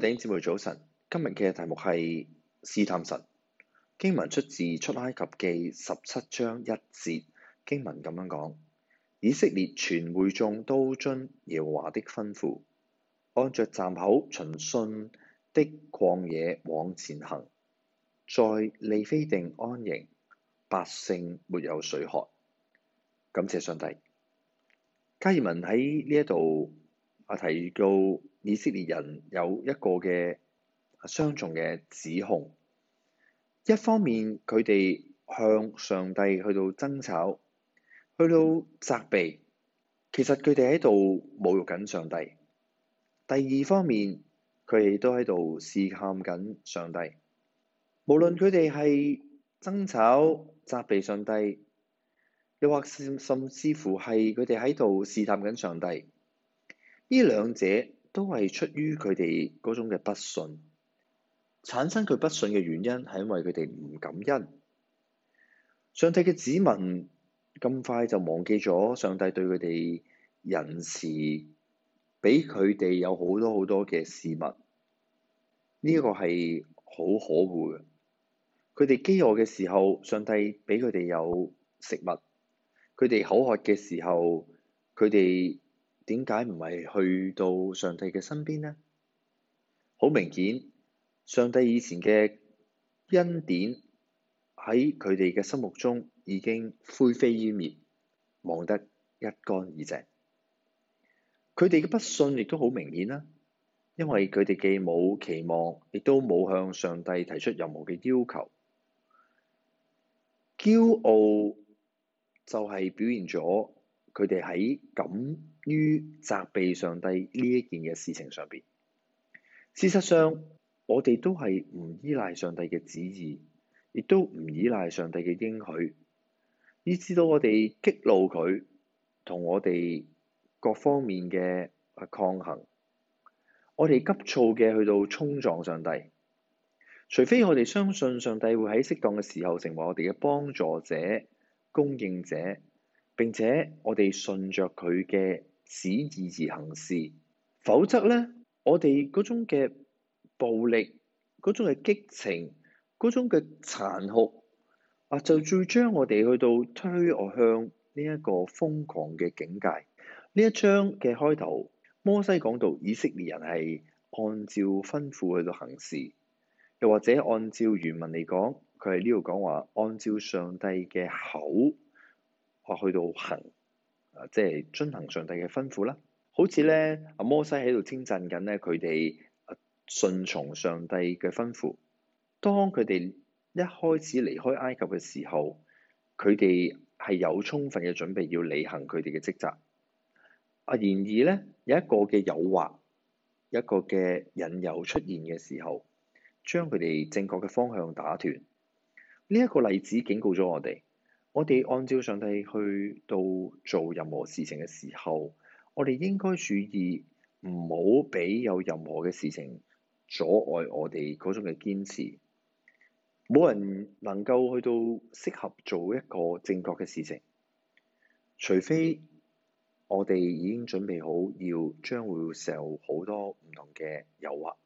弟兄姊妹早晨，今日嘅題目係試探神。經文出自出埃及記十七章一節，經文咁樣講：以色列全會眾都遵耶和華的吩咐，按着站口，從汛的曠野往前行，在利非定安營。百姓沒有水喝。感謝上帝。加爾文喺呢一度啊提到。以色列人有一個嘅雙重嘅指控，一方面佢哋向上帝去到爭吵，去到責備，其實佢哋喺度侮辱緊上帝；第二方面，佢哋都喺度試探緊上帝。無論佢哋係爭吵、責備上帝，又或係甚至乎係佢哋喺度試探緊上帝，呢兩者。都係出於佢哋嗰種嘅不信，產生佢不信嘅原因係因為佢哋唔感恩。上帝嘅子民咁快就忘記咗上帝對佢哋仁慈，俾佢哋有好多好多嘅事物，呢一個係好可惡嘅。佢哋飢餓嘅時候，上帝俾佢哋有食物；佢哋口渴嘅時候，佢哋點解唔係去到上帝嘅身邊呢？好明顯，上帝以前嘅恩典喺佢哋嘅心目中已經灰飛煙滅，忘得一乾二淨。佢哋嘅不信亦都好明顯啦，因為佢哋既冇期望，亦都冇向上帝提出任何嘅要求。驕傲就係表現咗。佢哋喺敢於責備上帝呢一件嘅事情上邊，事實上我哋都係唔依賴上帝嘅旨意，亦都唔依賴上帝嘅應許，以致到我哋激怒佢，同我哋各方面嘅抗衡，我哋急躁嘅去到衝撞上帝，除非我哋相信上帝會喺適當嘅時候成為我哋嘅幫助者、供應者。並且我哋順着佢嘅旨意而行事，否則咧，我哋嗰種嘅暴力、嗰種嘅激情、嗰種嘅殘酷啊，就最將我哋去到推我向呢一個瘋狂嘅境界。呢一章嘅開頭，摩西講到以色列人係按照吩咐去到行事，又或者按照原文嚟講，佢係呢度講話按照上帝嘅口。話去到行啊，即係遵行上帝嘅吩咐啦。好似咧，阿摩西喺度稱讚緊咧，佢哋順從上帝嘅吩咐。當佢哋一開始離開埃及嘅時候，佢哋係有充分嘅準備要履行佢哋嘅職責。啊，然而咧，有一個嘅誘惑，一個嘅引誘出現嘅時候，將佢哋正確嘅方向打斷。呢、這、一個例子警告咗我哋。我哋按照上帝去到做任何事情嘅時候，我哋應該注意唔好俾有任何嘅事情阻礙我哋嗰種嘅堅持。冇人能夠去到適合做一個正確嘅事情，除非我哋已經準備好要將會受好多唔同嘅誘惑。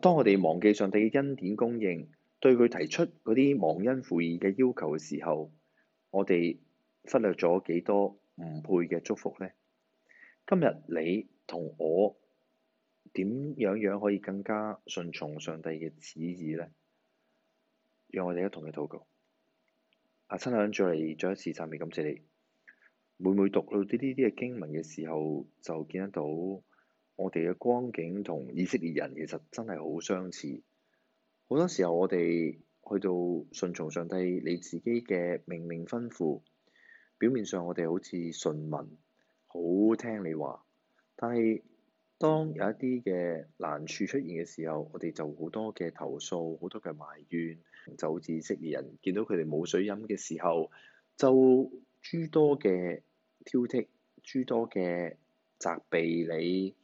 當我哋忘記上帝嘅恩典供應，對佢提出嗰啲忘恩負義嘅要求嘅時候。我哋忽略咗幾多唔配嘅祝福咧？嗯、今日你同我點樣樣可以更加順從上帝嘅旨意咧？讓我哋一同去禱告。阿親愛嘅主嚟，再一次讚美感謝你。每每讀到啲呢啲嘅經文嘅時候，就見得到我哋嘅光景同以色列人其實真係好相似。好多時候我哋。去到順從上帝你自己嘅命令吩咐，表面上我哋好似順民，好聽你話。但係當有一啲嘅難處出現嘅時候，我哋就好多嘅投訴，好多嘅埋怨，就好似以色列人。見到佢哋冇水飲嘅時候，就諸多嘅挑剔，諸多嘅責備你，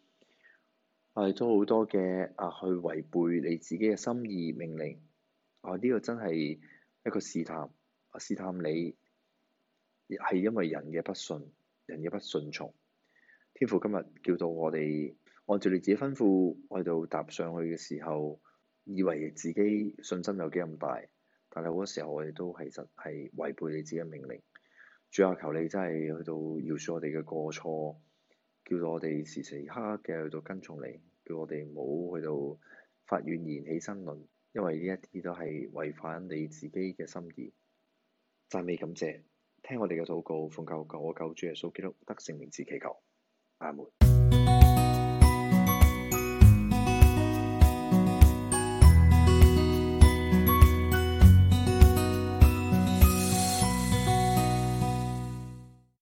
係都好多嘅啊，去違背你自己嘅心意命令。啊！呢個真係一個試探，試探你係因為人嘅不信，人嘅不順從。天父今日叫到我哋按照你自己吩咐去到搭上去嘅時候，以為自己信心有幾咁大，但係好多時候我哋都其實係違背你自己嘅命令。主啊，求你真係去到饒恕我哋嘅過錯，叫到我哋時時刻刻嘅去到跟從你，叫我哋冇去到發怨言、起爭論。因為呢一啲都係違反你自己嘅心意，讚美感謝，聽我哋嘅禱告，奉教救，救我救主耶穌基督得聖名，之祈求，阿門。